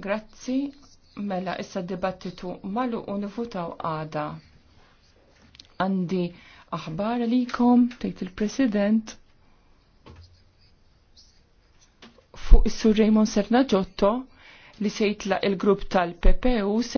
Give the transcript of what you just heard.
Grazzi, mela issa dibattitu malu u nifutaw għada. Għandi aħbar likom, tejt il-President, fuq is-Sur Raymond Serna li sejtla il-grupp tal-PPU